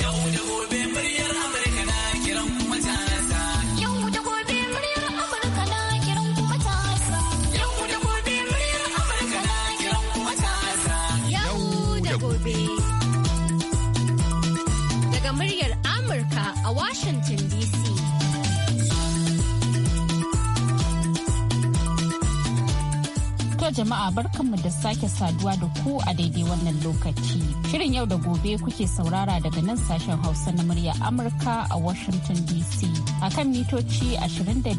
Yo, yo. jama'a barkanmu da sake saduwa da ku a daidai wannan lokaci. Shirin yau da gobe kuke saurara daga nan sashen Hausa na murya Amurka a Washington DC a kan mitoci 25 da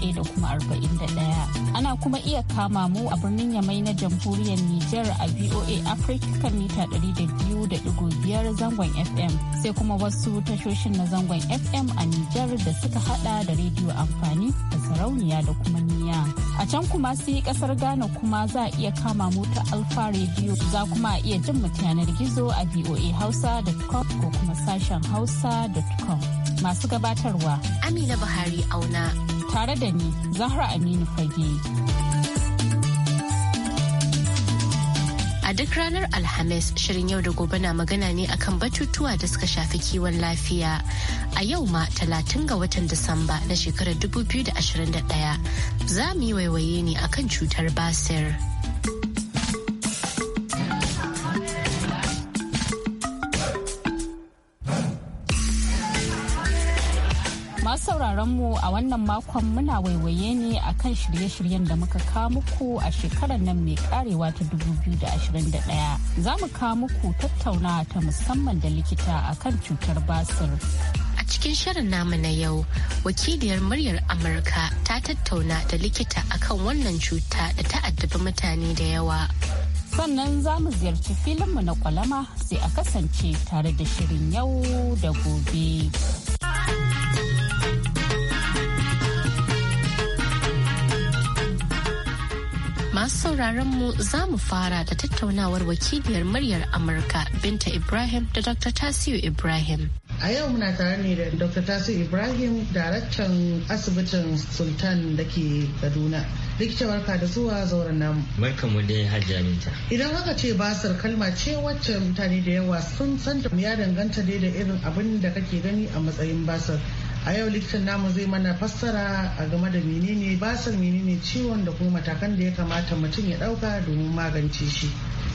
31 da kuma 41. Ana kuma iya kama mu a birnin Yamai na jamhuriyar Nijar a VOA Africa kan mita 200.5 zangon FM sai kuma wasu tashoshin na zangon FM a Nijar da suka hada da rediyo amfani sarauniya da kuma niya a can kuma sai kasar ghana kuma za a iya kama mota alfa radio za kuma a iya jin mu yanar gizo a voa hausa.com ko kuma sashen hausa.com masu gabatarwa amina buhari auna tare da ni zahra aminu fage A duk ranar Alhamis shirin yau da gobe na magana ne akan batutuwa da suka shafi kiwon lafiya. A yau ma talatin ga watan Disamba na shekarar 2021 za mu yi waiwaye ne akan cutar basir. sauraron mu a wannan makon muna waiwaye ne kan shirye-shiryen da muka kawo muku a shekarar nan mai karewa ta 2021. Za mu kawo muku tattaunawa ta musamman da likita a kan cutar basir. A cikin shirin namu na yau, wakiliyar muryar Amurka ta tattauna da likita akan wannan cuta da ta mutane da yawa. sannan za mu ziyarci filinmu na kwalama sai a kasance tare da shirin yau da gobe. Masu sauraron mu za mu fara da tattaunawar wakiliyar muryar Amurka Binta Ibrahim da Dr. Tasiu Ibrahim. A yau muna tare ne da Dr. Tasiu Ibrahim, daraktan asibitin Sultan da ke Kaduna. likitawarka da zuwa zauren namu. da hajji aminta Idan aka ce basar kalma ce wacce mutane da yawa sun san ya danganta dai da irin abin da kake gani a matsayin basar. a yau likitan namu zai mana fassara a game da menene basir menene ciwon da kuma matakan da ya kamata mutum ya dauka domin magance shi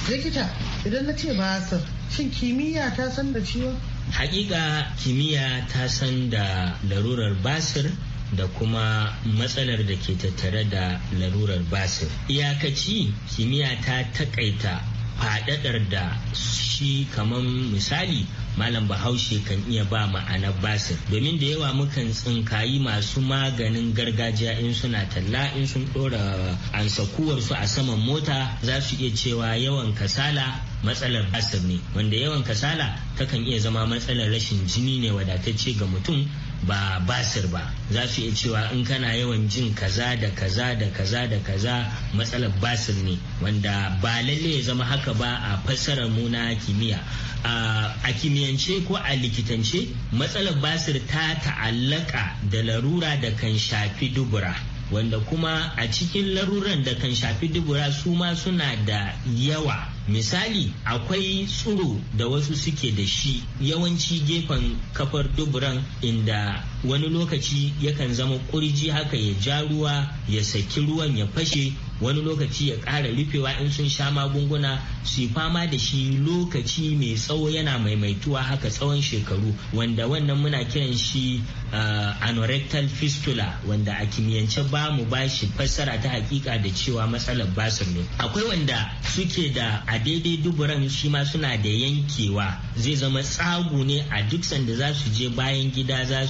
likita idan na ce basar shin kimiyya ta san da ciwon hakika kimiyya ta san da larurar basir da kuma matsalar da ke tattare da larurar basir iyakaci kimiyya ta takaita fadadar da shi kamar misali malam bahaushe kan iya ba ma'ana basir domin da yawa mukan tsinkayi masu maganin gargajiya in suna talla in sun dora ansakuwarsu a saman mota za su iya cewa yawan kasala matsalar basir ne wanda yawan kasala takan iya zama matsalar rashin jini ne wadatacce ga mutum ba basir ba za su iya cewa in kana yawan jin kaza da kaza da kaza da kaza matsalar basir ne wanda ba lalle ya zama haka ba a fassarar mu na kimiyya a kimiyyance ko a likitance matsalar basir ta ta'allaka da larura da kan shafi dubura wanda kuma a cikin laruran da kan shafi dubura su ma suna da yawa misali akwai tsuro da wasu suke da shi yawanci gefen kafar duburan inda wani lokaci yakan zama kurji haka ya ja ruwa ya saki ruwan ya fashe wani lokaci ya ƙara rufewa in sun sha magunguna su yi fama da shi lokaci mai tsawo yana maimaituwa haka tsawon shekaru wanda wannan muna kiran shi ah, anorectal fistula wanda a kimiyyance ba mu ba shi fassara ta hakika da cewa matsalar basir ne akwai wanda suke da a daidai duburan shi ma suna da yankewa zai zama tsagu ne a duk sanda za su je bayan gida za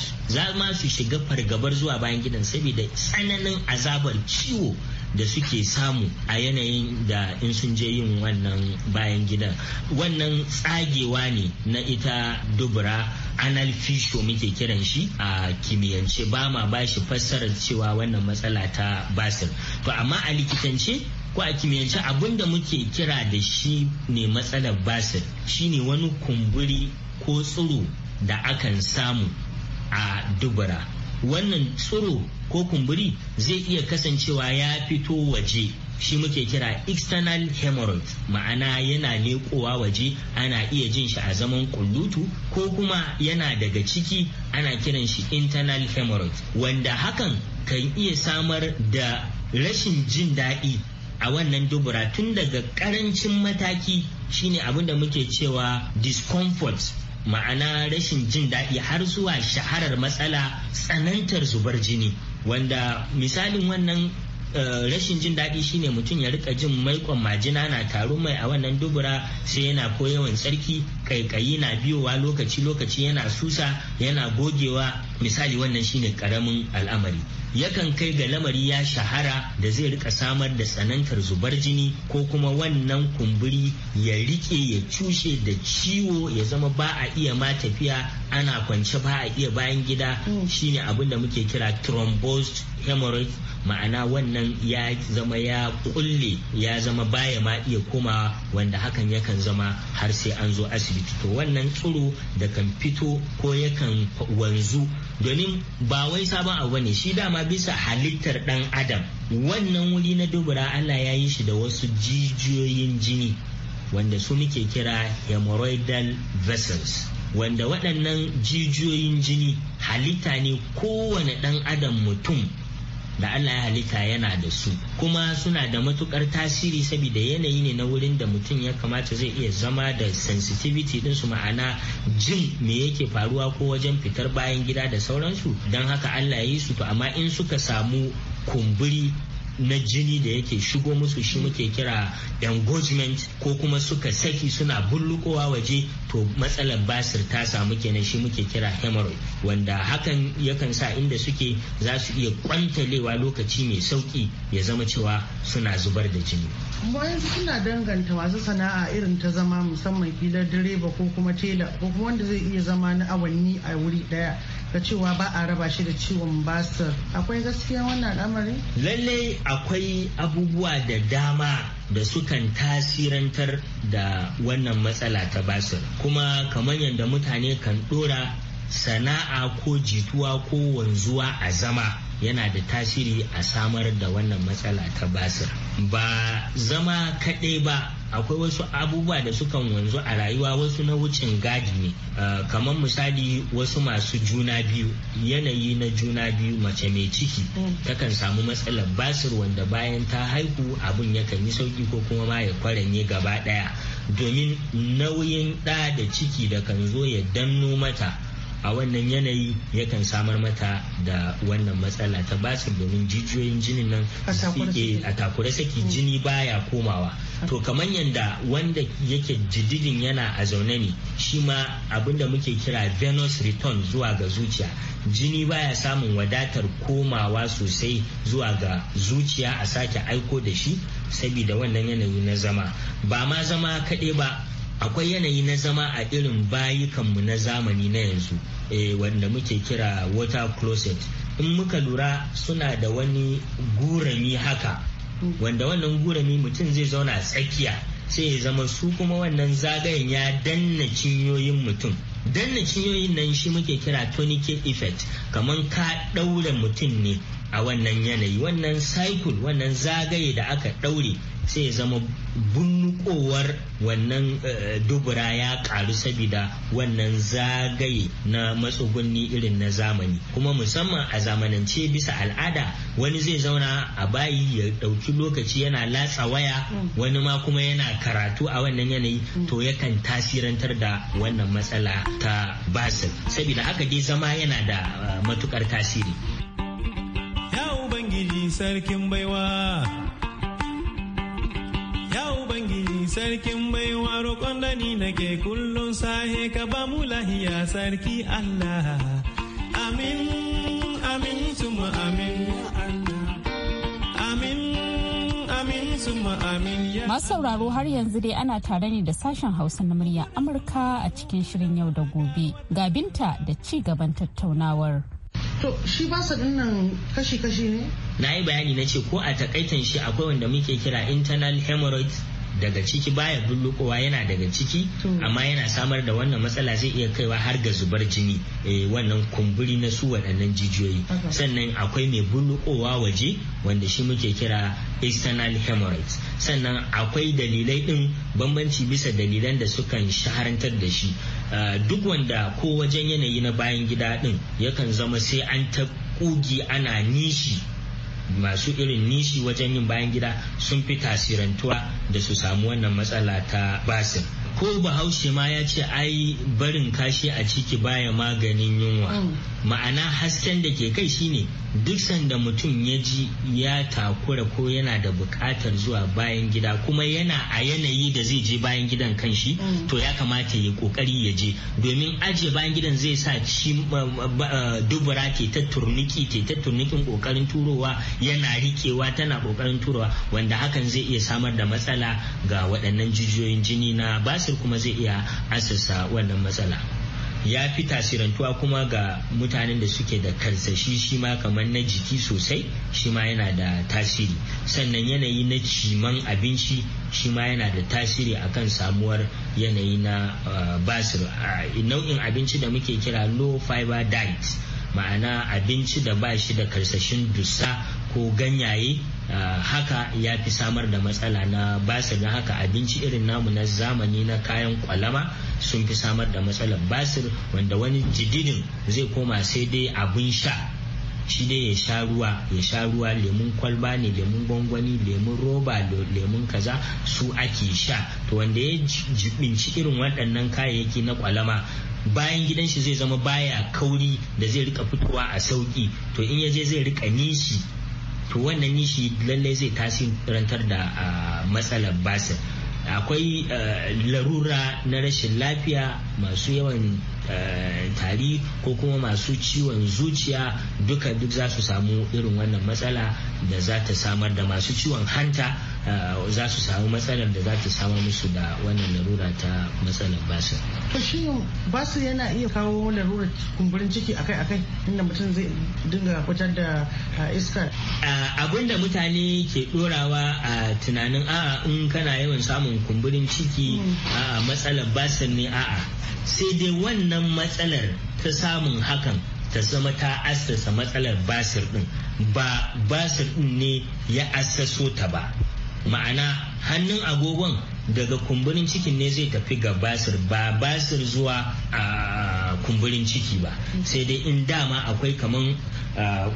ma su shiga fargabar zuwa bayan gidan saboda tsananin azabar ciwo da suke samu a yanayin da in sun je yin wannan bayan gidan wannan tsagewa ne na ita dubura anal fisho muke kiran shi a kimiyyance ba ma ba shi fassarar cewa wannan matsala ta basir to amma a likitance ko a kimiyyance abinda muke kira da shi ne matsalar basir shine wani kumburi ko tsiro da akan samu a dubura wannan tsiro ko kumburi zai iya kasancewa ya fito waje shi muke kira external hemorrhoid ma'ana yana leƙowa waje ana iya jin shi a zaman kullutu ko kuma yana daga ciki ana kiran shi internal hemorrhoid wanda hakan kan iya samar da rashin jin daɗi a wannan dubura tun daga ƙarancin mataki shine abinda muke cewa discomfort ma'ana rashin jin daɗi har zuwa shaharar matsala tsanantar zubar jini wanda misalin wannan eh, rashin jin daɗi shine mutum ya rika jin maikon majina na taro mai a wannan dubura sai yana ko yawan tsarki kaikayi na biyowa lokaci-lokaci yana susa yana gogewa misali wannan shine karamin al'amari yakan kai ga lamari ya shahara da zai rika samar da tsanantar zubar jini ko kuma wannan kumburi ya rike ya cushe da ciwo ya zama ba a iya ma tafiya ana kwance ba a iya bayan gida mm. shine abin da muke kira thrombosed hemorrhoid ma'ana wannan ya zama ya kulle ya zama baya ma iya komawa wanda hakan yakan zama har sai an zo asibiti asibiti to wannan tsuro da kan fito ko yakan wanzu domin ba wai sabon abu ne shi dama bisa halittar dan adam wannan wuri na dubura Allah ya yi shi da wasu jijiyoyin jini wanda su muke kira hemorrhoidal vessels wanda waɗannan jijiyoyin jini halitta ne kowane ɗan adam mutum da Allah ya halitta yana da su kuma suna da matukar tasiri saboda yanayi ne na wurin da mutum ya kamata zai iya zama da sensitivity din su ma'ana jin me yake faruwa ko wajen fitar bayan gida da sauransu don haka Allah ya yi su to amma in suka samu kumburi na jini da yake shigo musu shi muke kira engagement ko kuma suka saki suna bullukowa waje to matsalar basir ta samu kenan shi muke kira hemorrhoid wanda hakan yakan sa inda suke za su iya kwantalewa lokaci mai sauki ya zama cewa suna zubar da jini bayan suna danganta wasu sana'a irin ta zama musamman filar direba ko kuma tela ko kuma wanda zai iya zama na awanni a wuri daya da cewa ba a raba shi da ciwon basir akwai gaskiya wannan al'amari lallai akwai abubuwa da dama da sukan tasirantar da wannan matsala ta basir kuma kamar yadda mutane kan dora sana'a ko jituwa ko wanzuwa a zama yana da tasiri a samar da wannan matsala ta basir ba zama kaɗai ba akwai wasu abubuwa da sukan wanzu a rayuwa wasu na wucin gadi ne ah, kamar misali wasu masu juna biyu yanayi na juna biyu mace mai ciki mm. takan samu matsalar basir wanda bayan ta haihu abun yakan yi sauki ko kuma ma ya kwaranye gaba daya domin nauyin ɗa da ciki da kan zo ya danno mata a wannan yanayi yakan samar mata da wannan matsala ta basir domin jijiyoyin jinin nan a takura saki mm. jini baya komawa to kamar yadda wanda yake jididin yana a zaune ne shi ma abinda muke kira venus return zuwa ga zuciya jini baya samun wadatar komawa sosai zuwa ga zuciya a sake aiko da shi saboda wannan yanayi na zama ba ma zama kaɗai ba akwai yanayi na zama a irin bayukanmu na zamani na yanzu eh, wanda muke kira water closet in muka lura suna da wani gurami haka wanda wannan gurami mutum zai zauna tsakiya sai ya zama su kuma wannan zagayen ya danna cinyoyin mutum danna cinyoyin nan shi muke kira tourniquet effect kamar ka ɗaure mutum ne a wannan yanayi wannan cycle wannan zagaye da aka ɗaure sai ya zama bunnukowar wannan eh, dubura ya karu sabida wannan zagaye na matsugunni irin na zamani kuma musamman a zamanance bisa al'ada wani zai zauna a bayi ya dauki lokaci yana latsa waya wani ma kuma yana karatu a wannan yanayi to yakan tasirantar da wannan matsala ta basir saboda haka dai zama yana da eh, matukar tasiri ya ubangiji sarkin baiwa ubangiji sarkin baiwa roƙon da nake kullum sahe ka ba mu lahiya sarki Allah amin amin suma amin amin amin suma amin masu sauraro har yanzu dai ana tare ne da sashen hausa na murya amurka a cikin shirin yau da gobe ga binta da ci gaban tattaunawar To shi basa dinnan kashi-kashi ne? Na yi bayani na ce ko a takaitan shi akwai wanda muke kira internal hemorrhoids daga ciki baya bullukowa yana daga ciki amma yana samar da wannan matsala zai iya kaiwa har ga zubar jini eh, wannan kumburi na su waɗannan jijiyoyi sannan akwai mai bullukowa waje wanda shi muke kira external hemorrhoids sannan akwai dalilai ɗin bambanci bisa dalilan da sukan shaharantar da shi eh, duk wanda ko wajen yanayi na bayan gida ɗin yakan zama sai an ta kugi ana nishi masu irin nishi wajen yin bayan gida sun fi tasirantuwa da su samu wannan matsala ta basin ko bahaushe ma ya ce ai barin kashi a ciki baya maganin yunwa mm. ma'ana hasken da ke kai shine duk sanda mutum ya ji ya takura ko yana da bukatar zuwa bayan gida kuma yana a yanayi da zai je bayan gidan kanshi mm. to ya kamata ya kokari ya je domin ajiye bayan gidan zai sa shi eh, dubura ke ta turniki ke ta turnikin kokarin turowa yana rikewa tana kokarin turowa wanda hakan zai iya samar da matsala ga waɗannan jijiyoyin jini na basir kuma zai iya asasa wannan matsala. ya fi tasirantuwa kuma ga mutanen da suke da karsashi shi ma kamar na jiki sosai shi ma yana da tasiri sannan yanayi na ciman abinci shi ma yana da tasiri akan samuwar yanayi na eh, basir eh, nau'in abinci da muke kira low fiber diet ma'ana abinci da ba shi da karsashin dusa ko ganyaye haka ya fi samar da matsala na basir na haka abinci irin namu na zamani na kayan kwalama sun fi samar da matsalar basir wanda wani jididin zai koma sai dai abin sha shi dai ya sha ruwa ya sha ruwa lemun kwalba ne lemun gwangwani lemun roba lemun kaza su ake sha to wanda ya jibinci irin waɗannan kayayyaki na kwalama bayan gidan shi zai zama baya kauri da zai rika fitowa a sauki to in ya je zai rika nishi to wannan nishi lallai zai tasirantar da ah, matsalar basir akwai ah, larura na rashin lafiya masu yawan ah, tari ko kuma masu ciwon zuciya duka duk za su samu irin wannan matsala da za ta samar da masu ciwon hanta Eh, za su samu matsalar da za ta samu musu da wannan larura ta matsalar basir. To shi basir yana iya kawo larurar kumburin ciki akai-akai inda mutum zai dinga fitar da eh, iska. Eh, abin da mutane ke dorawa a tunanin a'a in kana yawan samun kumburin ciki hmm. a matsalar basir ne a'a sai dai wannan matsalar ta samun hakan ta zama ta assasa matsalar basir din ba basir din ne ya assaso ta ba ma'ana hannun agogon daga kumburin ciki ne zai tafi ga basir ba basir zuwa a kumburin ciki ba sai dai in dama akwai kamar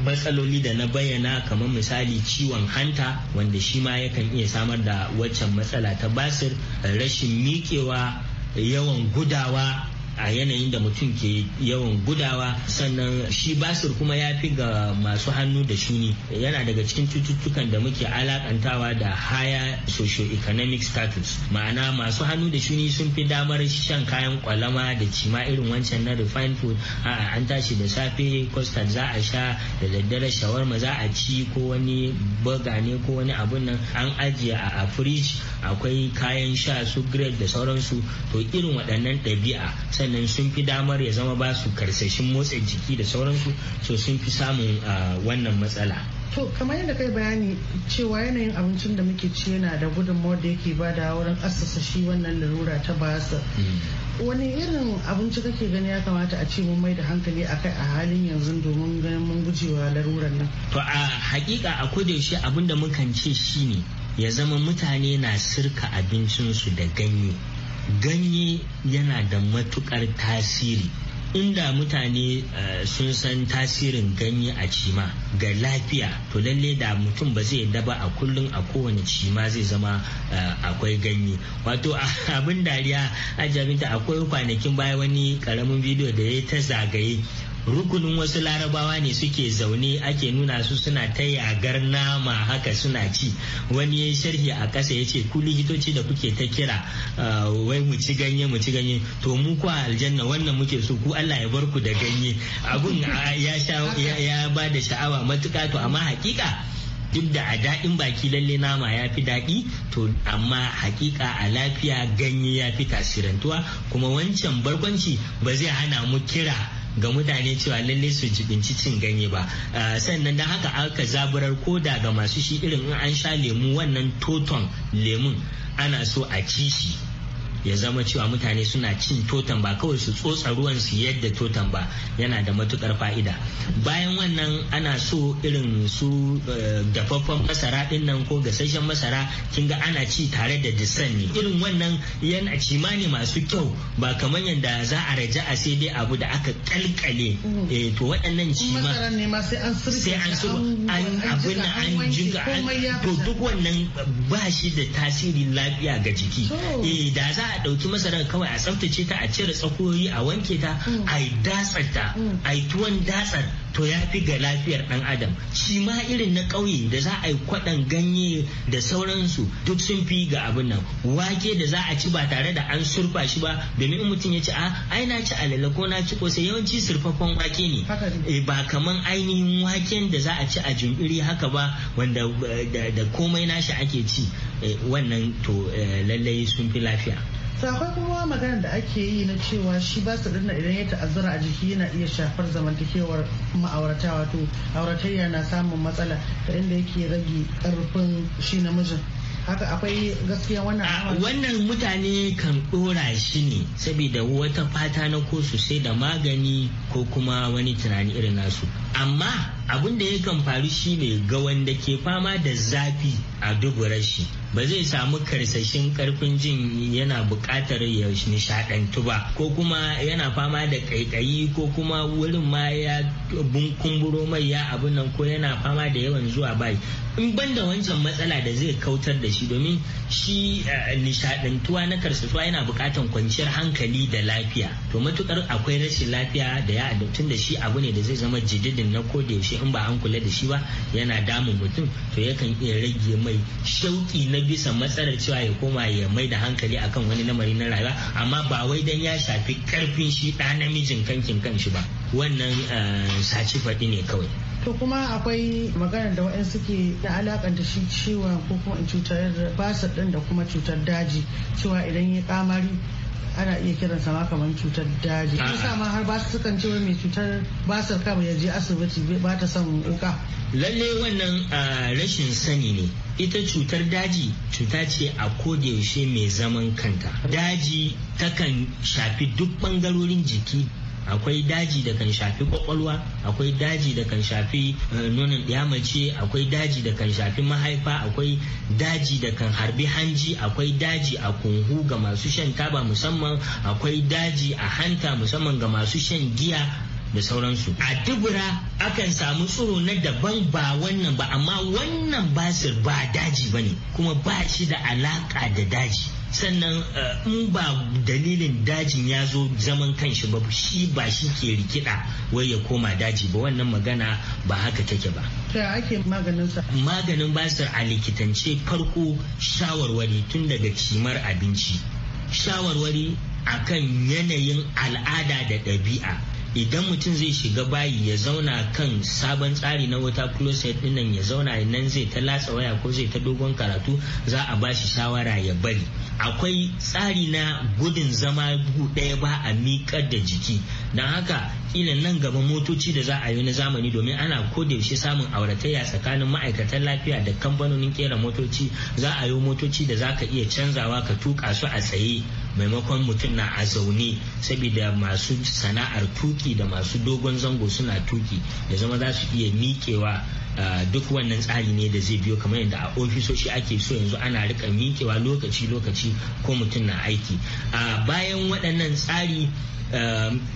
matsaloli da na bayyana kamar misali ciwon hanta wanda shi ma yakan iya samar da waccan matsala ta basir rashin miƙewa yawan gudawa a yanayin da mutum ke yawan gudawa sannan shi basir kuma ya fi ga masu hannu da shuni yana daga cikin cututtukan da muke alakantawa da haya socio-economic status ma'ana masu hannu da shuni sun fi damar shan kayan kwalama da cima irin wancan na refined food a an tashi da safe custard za a sha da daddare shawarma za a ci ko wani burger ne ko wani abun nan an ajiye a fridge akwai kayan sha su grade da sauransu to irin waɗannan ɗabi'a waɗannan sun fi damar ya zama basu su karsashin motsa jiki da sauransu so sun fi samun wannan matsala to kamar yadda kai bayani cewa yanayin abincin da muke ci yana da gudunmawar da yake bada wurin assasa shi wannan lalura ta basa mm. wani irin abinci kake gani ya kamata a ce mun mai da hankali akai a halin yanzu domin ganin mun gujewa larurar nan to a hakika a kodayaushe abin da mukan ce shi ne ya zama mutane na sirka abincinsu da ganye ganye yana da matukar tasiri inda mutane eh, sun san tasirin ganye a cima ga lafiya to lalle da mutum ba zai daba a kullum a kowane cima zai zama eh, akwai ganye wato abin dariya ajabinta akwai kwanakin baya wani karamin bidiyo da ya ta zagaye rukunin wasu larabawa ne suke zaune ake nuna su suna ta yagar nama haka suna ci wani ya sharhi a ƙasa ya ce ku likitoci da kuke ta kira uh, wai mu ci ganye mu ci ganye to mu ku a aljanna wannan muke so ku Allah ya bar ku da ganye abun uh, ya ba da sha'awa matuƙa to amma hakika duk da a daɗin baki lalle nama ya fi daɗi to amma hakika a lafiya ganye ya fi tasirantuwa kuma wancan barkwanci ba zai hana mu kira ga mutane cewa lalle su jibinci cin ganye ba eh, sannan da haka aka zaburar koda ga masu shi irin in an sha lemu wannan toton lemun ana so a ci shi ya zama cewa mutane suna cin totan ba kawai su tsotsa ruwan su yadda totan ba yana da matukar fa'ida bayan wannan ana so irin su eh, dafaffen masara din nan ko gasasshen masara kin ga ana ci tare da disan ne irin wannan yana cima ne masu kyau ba kamar yadda za a raja a sai dai abu da aka kalkale mm. eh to waɗannan ma sai an sirka an abin nan an jinga to duk wannan ba shi da tasiri lafiya ga jiki eh da za a ɗauki masarar kawai a tsaftace ta a cire tsakuyoyi a wanke ta mm. a yi datsar ta mm. a yi tuwon datsar to ya fi ga lafiyar ɗan adam shi ma irin na ƙauye da za a yi kwaɗan ganye da sauransu duk sun fi ga abin nan wake da za a ci ba tare da an surfa shi ba domin in mutum ya ci a ah, ai na ci alale ko na ci kosai yawanci surfaffen wake ne eh, ba kaman ainihin waken da za a ci a jumɓiri haka ba wanda eh, da komai nashi ake ci eh, wannan to lallai sun fi lafiya sakwai akwai kuma magana da ake yi na cewa shi ba su dinna idan ya ta'azzara a jiki yana iya shafar zamantakewar ma'aurata wato auratayya na samun matsala ta inda yake rage karfin shi namijin haka akwai gaskiya wannan wannan mutane kan dora shi ne saboda wata fata na ko su sai da magani ko kuma wani tunani irin nasu amma abin da yakan faru shine ga wanda ke fama da zafi a duburar shi ba zai samu karsashin karfin jin yana bukatar ya nishaɗantu ba ko kuma yana fama da ƙaiƙayi ko kuma wurin ma ya kumburo mai ya abin nan ko yana fama da yawan zuwa bai in banda wancan matsala da zai kautar da shi domin shi eh, nishadantuwa na karsashuwa yana bukatar kwanciyar hankali da lafiya to matukar akwai rashin lafiya da ya da shi abu ne da zai zama jididin na koda yaushe in ba an kula da shi ba yana damun mutum to yakan iya rage mai shauki na bisa matsalar cewa ya koma ya mai da hankali akan wani namari na rayuwa amma ba wai dan ya shafi karfin shi ɗa namijin kankin kanshi ba wannan eh, saci faɗi ne kawai to kuma akwai maganar da wa'in suke da shi ciwon ko kuma cutar basir din da kuma cutar daji cewa idan ya kamari ana iya kiran sama kamar cutar daji ah. sa ma har ba su sukan cewa mai cutar ba basar kama ya je asibiti ba ta son wuka lalle wannan ah, rashin sani ne ita cutar daji cuta ce a kodayaushe mai zaman kanta daji takan shafi duk bangarorin jiki akwai daji da kan shafi kwakwalwa akwai daji da kan shafi eh, nonon mace akwai daji da kan shafi mahaifa akwai daji da kan harbi hanji akwai daji a kunhu ga masu shan taba musamman akwai daji a hanta musamman ga masu shan giya da sauransu a dubura akan samu tsoro na daban ba wannan ba amma wannan basir ba daji ba ne kuma ba shi da alaka da daji sannan eh, in ba dalilin dajin ya zo zaman kanshi ba shi ba shi ke rikida wai ya koma daji ba wannan magana ba haka take ba ta ake maganinsa maganin basir a likitance farko shawarwari tun daga cimar abinci shawarwari akan yanayin al'ada da ɗabi'a idan mutum zai shiga bayi ya zauna kan sabon tsari na wata closet dinnan ya zauna nan zai ta latsa waya ko zai ta dogon karatu za a bashi shawara ya bari akwai tsari na gudun zama bugu ɗaya ba a miƙar da jiki don haka kila nan gaba motoci da za a yi na zamani domin ana yaushe samun auratayya tsakanin ma'aikatan lafiya da kamfanonin kera motoci za a yi motoci da za ka iya canzawa ka tuka su a tsaye maimakon mutum na a zaune saboda masu sana'ar tuki da masu dogon zango suna tuki da zama za su iya miƙewa duk wannan tsari ne da zai biyo kamar yadda a ofisoshi ake so yanzu ana rika miƙewa lokaci-lokaci ko mutum na aiki bayan waɗannan tsari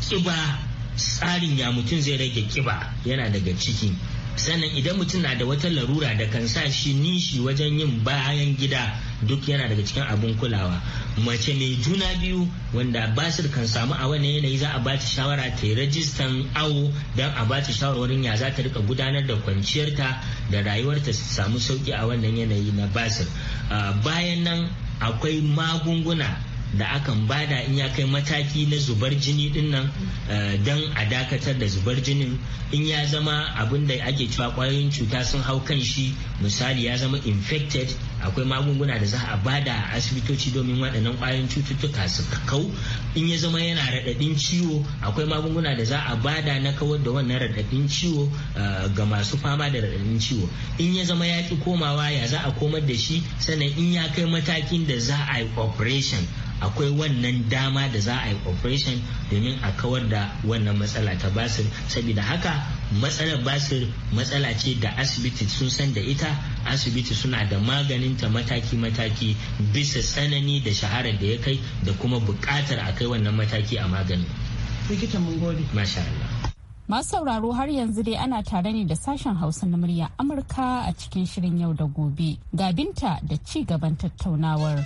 ƙiba tsarin ya mutum zai rage ƙiba yana daga ciki sannan idan mutum na da wata larura da kan sa shi nishi wajen yin bayan gida duk yana daga cikin abun kulawa mace mai juna biyu wanda basir kan samu a wani yanayi za a ba ta shawara ta yi rajistan awo don a ba ta shawarwarin ya za ta rika gudanar da kwanciyarta da rayuwarta su samu sauki a wannan yanayi na basir bayan nan akwai magunguna da akan bada in ya kai mataki na zubar jini din nan don a dakatar da zubar jinin in ya zama abin da ake cewa kwayoyin cuta sun hau kan shi misali ya zama infected akwai magunguna da za a bada a asibitoci domin waɗannan ƙwayoyin cututtuka su kau in ya zama yana raɗaɗin ciwo akwai magunguna da za a bada na kawar da wannan raɗaɗin ciwo eh, ga masu fama da raɗaɗin ciwo in ya zama ya ki komawa ya za a komar da shi sannan in ya kai matakin da za a yi operation akwai wannan dama da za a yi operation domin a kawar da wannan matsala ta basir saboda haka matsalar basir matsala ce da asibiti sun san da ita asibiti suna da maganinta mataki-mataki bisa tsanani da shaharar da ya kai da kuma bukatar a kai wannan mataki a magani. Likita mun gode. Masha Allah. Masu sauraro har yanzu dai ana tare ne da sashen Hausa na murya Amurka a cikin shirin yau da gobe. Ga binta da ci gaban tattaunawar.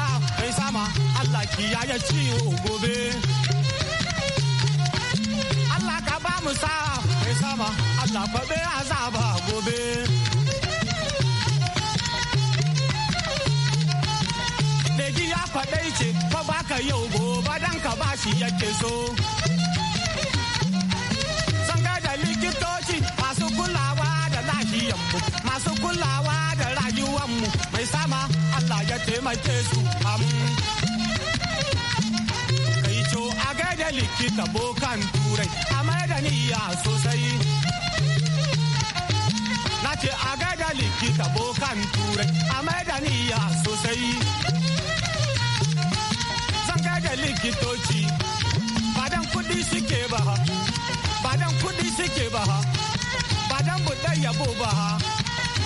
baki ya ya ciwo gobe Allah ka ba mu sa mai sama Allah kwabe azaba gobe Daji ya faɗai ce fa baka yau gobe dan ka ba shi yake so Sanga da likitoci masu kulawa da lahiyanmu masu kulawa da rayuwanmu mai sama Allah ya taimake su amin to a gaida likita bokan turai a mai da niyya sosai na ce a gaida likita bokan turai a mai da niyya sosai zan gaida likitoci badan kudi suke ba ha badan kudi suke ba ha badan budan yabo ba ha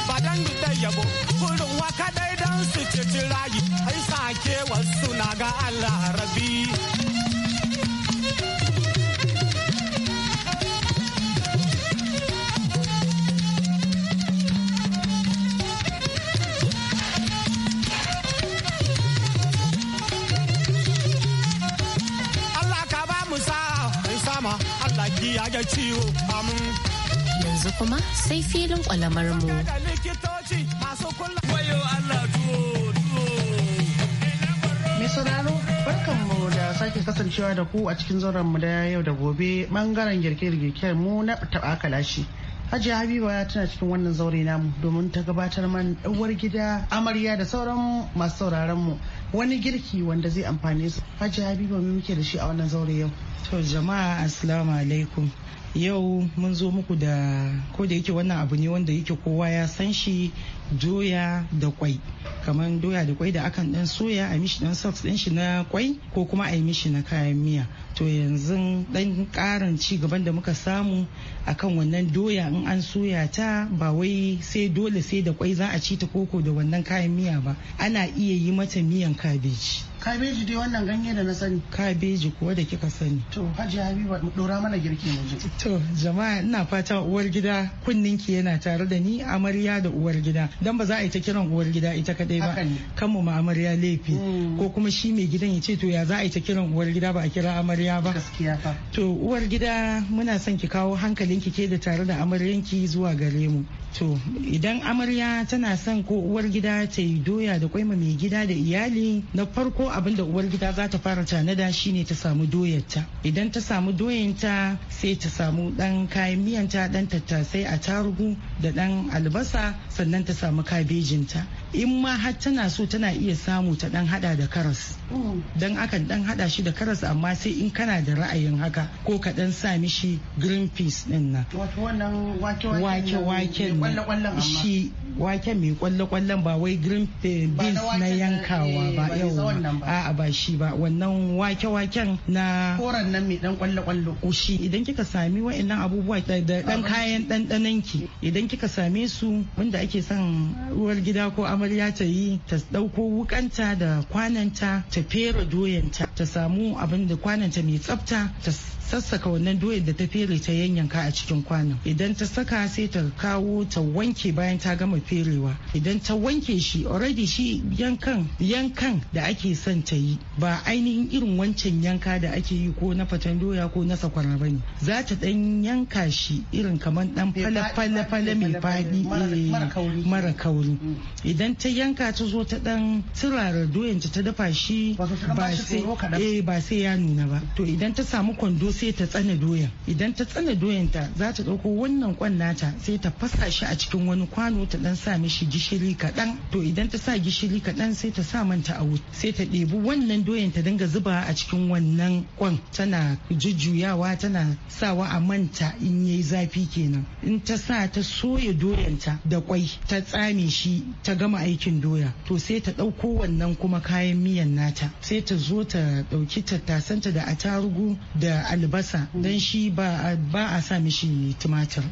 badan budan yabo kurin waka dai dan su ce rayu ai sake wasu na ga Allah rabi da ciwo amin. Yanzu kuma sai filin kwalamar mu. sauraro barkanmu da sake kasancewa da ku a cikin zauren mu da yau da gobe bangaren girke girke mu na taɓa kalashi. shi. Hajiya Habiba tana cikin wannan zaure namu domin ta gabatar man uwar gida amarya da sauran masu sauraron mu wani girki wanda zai amfane su. Hajji Habiba mu muke da shi a wannan zaure yau. To jama'a assalamu alaikum. Yau mun zo muku da ko da yake wannan abu ne wanda yake kowa ya san shi doya da kwai kamar doya da kwai da akan dan soya a mishi dan soft din shi na kwai ko kuma a yi mishi na kayan miya to yanzu dan karin ci gaban da muka samu akan wannan doya in an soya ta ba wai sai dole sai da kwai za a ci ta koko da wannan kayan miya ba ana iya yi mata miyan kabeji kabeji dai wannan ganye da na sani kabeji kuwa da kika sani to hajji habiba dora mana girki mu je to jama'a ina fata uwar gida kunninki yana tare da ni amarya da uwar gida dan ba za a yi ta kiran uwar gida ita kadai ba kan mu amarya laifi mm. ko kuma shi mai gidan ya ce to ya za a yi ta kiran uwar gida ba a kira amarya ba gaskiya fa to uwar gida muna son ki kawo hankalinki ke da tare da amaryanki zuwa gare mu to idan amarya tana son ko uwar gida ta yi doya da ma mai gida da iyali na farko abinda da uwar gida za ta fara tanada shine ta samu doyarta idan ta samu doyanta sai ta samu dan kayan miyanta ɗan tattasai a tarugu da ɗan albasa sannan ta samu kabejinta in ma har tana so tana iya samu ta dan hada da karas mm. dan akan dan hada shi da karas amma sai in kana da ra'ayin haka ko ka dan sa mishi green peas din nan wato wannan wake waken shi waken mai kwalle kwallen ba wai green peas na yankawa ba eh, yawa a'a ba shi ba wannan wake waken na koran nan mai dan kwalle kwallo shi idan kika sami wa'annan abubuwa da dan kayan dandanan ki idan kika same su wanda ake son ruwar gida ko amarya amarya ta yi ta ɗauko wukanta da kwananta ta fere doyanta ta samu abin da kwananta mai tsafta ta sassaka wannan doyar da ta fere ta yanyanka a cikin kwanon idan ta saka sai ta kawo ta wanke bayan ta gama ferewa idan ta wanke shi already shi yankan yankan da ake son ta yi ba ainihin irin wancan yanka da ake yi ko na fatan doya ko na sakwara bane za ta dan yanka shi irin kamar dan fala fala mai faɗi eh, mara kauri mm. idan ta yanka ta zo ta dan turara doyanta ta dafa shi eh, ba sai ya nuna ba to idan ta samu kwando sai ta tsane doyan idan ta tsane doyan ta za ta ɗauko wannan kwan nata sai ta fasa shi a cikin wani kwano ta dan sa mishi gishiri kaɗan to idan ta sa gishiri kaɗan sai ta sa manta a wuta sai ta ɗebi wannan doyan ta dinga zuba a cikin wannan kwan tana jujjuyawa tana sawa a manta in yayi zafi kenan in ta sa ta soya doyanta da kwai ta tsame shi ta gama aikin doya to sai ta ɗauko wannan kuma kayan miyan nata sai ta zo ta ɗauki tattasanta da atarugu da al albasa don shi ba a sa mishi tumatir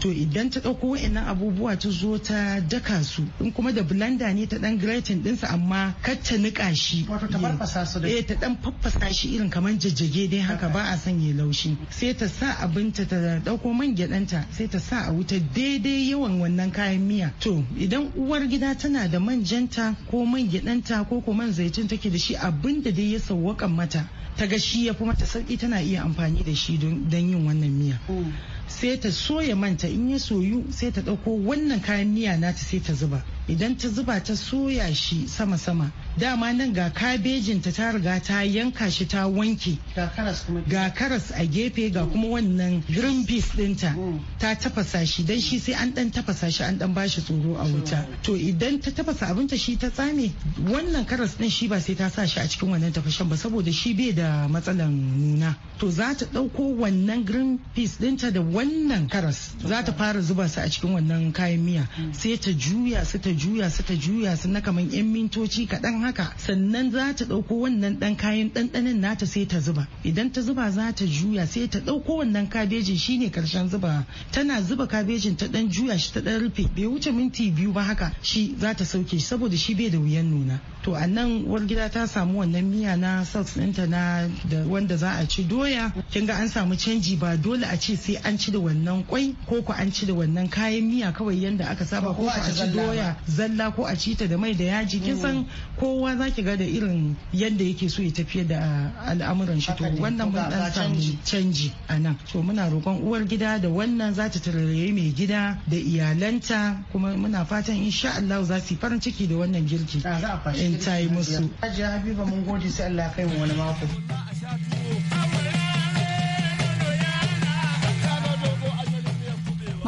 to idan ta ɗauko wa'annan abubuwa ta zo ta daka su in kuma da blanda ne ta dan gratin dinsa amma kar ta niƙa shi wato ta farfasa su eh, ta dan farfasa shi irin kamar jajjage dai haka ba a sanya laushi sai ta sa abinta ta ɗauko man gyadanta sai ta sa a wuta daidai yawan wannan kayan miya to idan uwar gida tana da manjanta ko man gyaɗanta ko ko man zaitun take da shi abinda dai ya sawwakan mata ta ga shi ya fi mata sarki tana iya amfani da shi don yin wannan miya mm. sai ta soya manta in ya soyu sai ta ɗauko wannan kayan miya nata sai ta zuba idan ta zuba ta soya shi sama-sama dama nan ga kabejinta ta riga ta yanka shi ta wanke ga karas a gefe ga kuma wannan green beans dinta mm. ta tafasa shi dan shi sai an dan tafasa shi an dan bashi tsoro a wuta to idan ta tafasa abinta shi ta tsame wannan karas din shi ba sai ta sa shi a cikin wannan tafashen ba saboda shi bai da matsalan nuna to za ta dauko wannan green beans dinta da wannan karas za ta fara zuba su a cikin wannan kayan miya mm. sai ta juya su ta juya su ta juya su na kaman yan mintoci kaɗan haka sannan za ta ɗauko wannan ɗan kayan ɗanɗanin nata sai ta zuba idan ta zuba za ta juya sai ta ɗauko wannan kabejin shine karshen zuba tana zuba kabejin ta ɗan juya shi ta ɗan rufe bai wuce minti biyu ba haka shi za ta sauke shi saboda shi bai da wuyan nuna to a nan uwar gida ta samu wannan miya na sauce ɗinta na da wanda za a ci doya kin ga an samu canji ba dole a ce sai an ci da wannan kwai ko ku an ci da wannan kayan miya kawai yanda aka saba ko a ci doya zalla ko a cita da mai da yaji kin san mm. kowa zaki ga da irin yadda yake so ya tafiyar da al'amuran shi to wannan mun dan samu canji a nan to muna roƙon uwar gida da wannan za ta tarare mai gida da iyalanta kuma muna fatan insha Allah za su farin ciki da wannan girki in tayi yi musu Hajiya Habiba mun gode sai Allah ya kai mu wani mako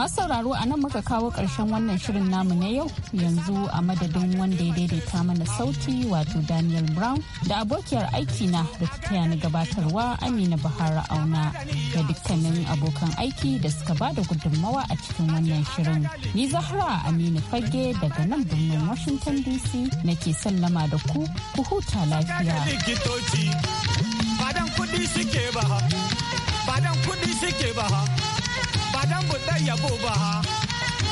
masu sauraro a nan muka kawo ƙarshen wannan shirin namu na yau yanzu a madadin wanda ya daidaita mana sauti wato daniel brown da abokiyar aiki na da ta ni gabatarwa amina bahara auna da dukkanin abokan aiki da suka ba da gudunmawa a cikin wannan shirin ni zahra amina fage daga nan birnin washington dc nake sallama da ku ku huta lafiya ba dan buɗe yabo ba ha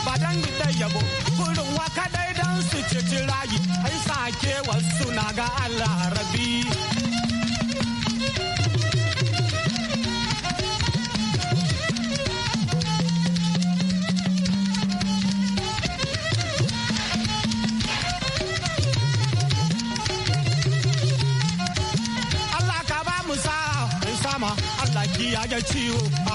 ba dan buɗe yabo burin waka dai don su ceci rayu ai sake wasu na ga Allah rabi Allah ka ba mu sa sama Allah ki ya ciwo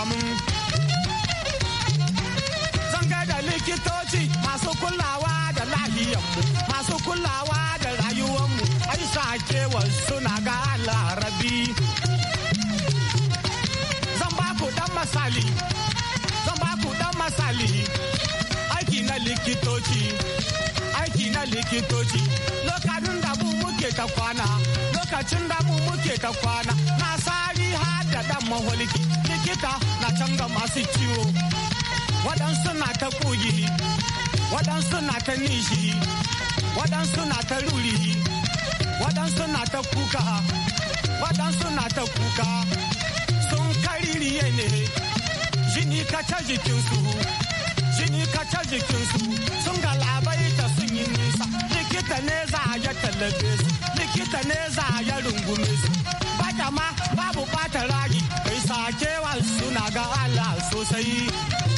kulawa da lahiyanmu masu kulawa da rayuwanmu ai wasu suna ga larabi zan ba ku dan masali zan ba ku dan masali aiki na likitoci aiki na likitoci lokacin da mu muke ta kwana lokacin da mu muke ta kwana na sari har da dan maholiki likita na canza masu ciwo waɗansu na ta kugi waɗansu na ta nishi waɗansu na ta ruri waɗansu na ta kuka waɗansu na ta kuka sun kariri kaririye ne jini ka ta jikinsu jini ka ta jikinsu sun galabaita sun yi nisa likita ne za a yi tallafe su likita ne za a yi rungume su bata ma babu bata rayu kai sakewa suna ga Allah sosai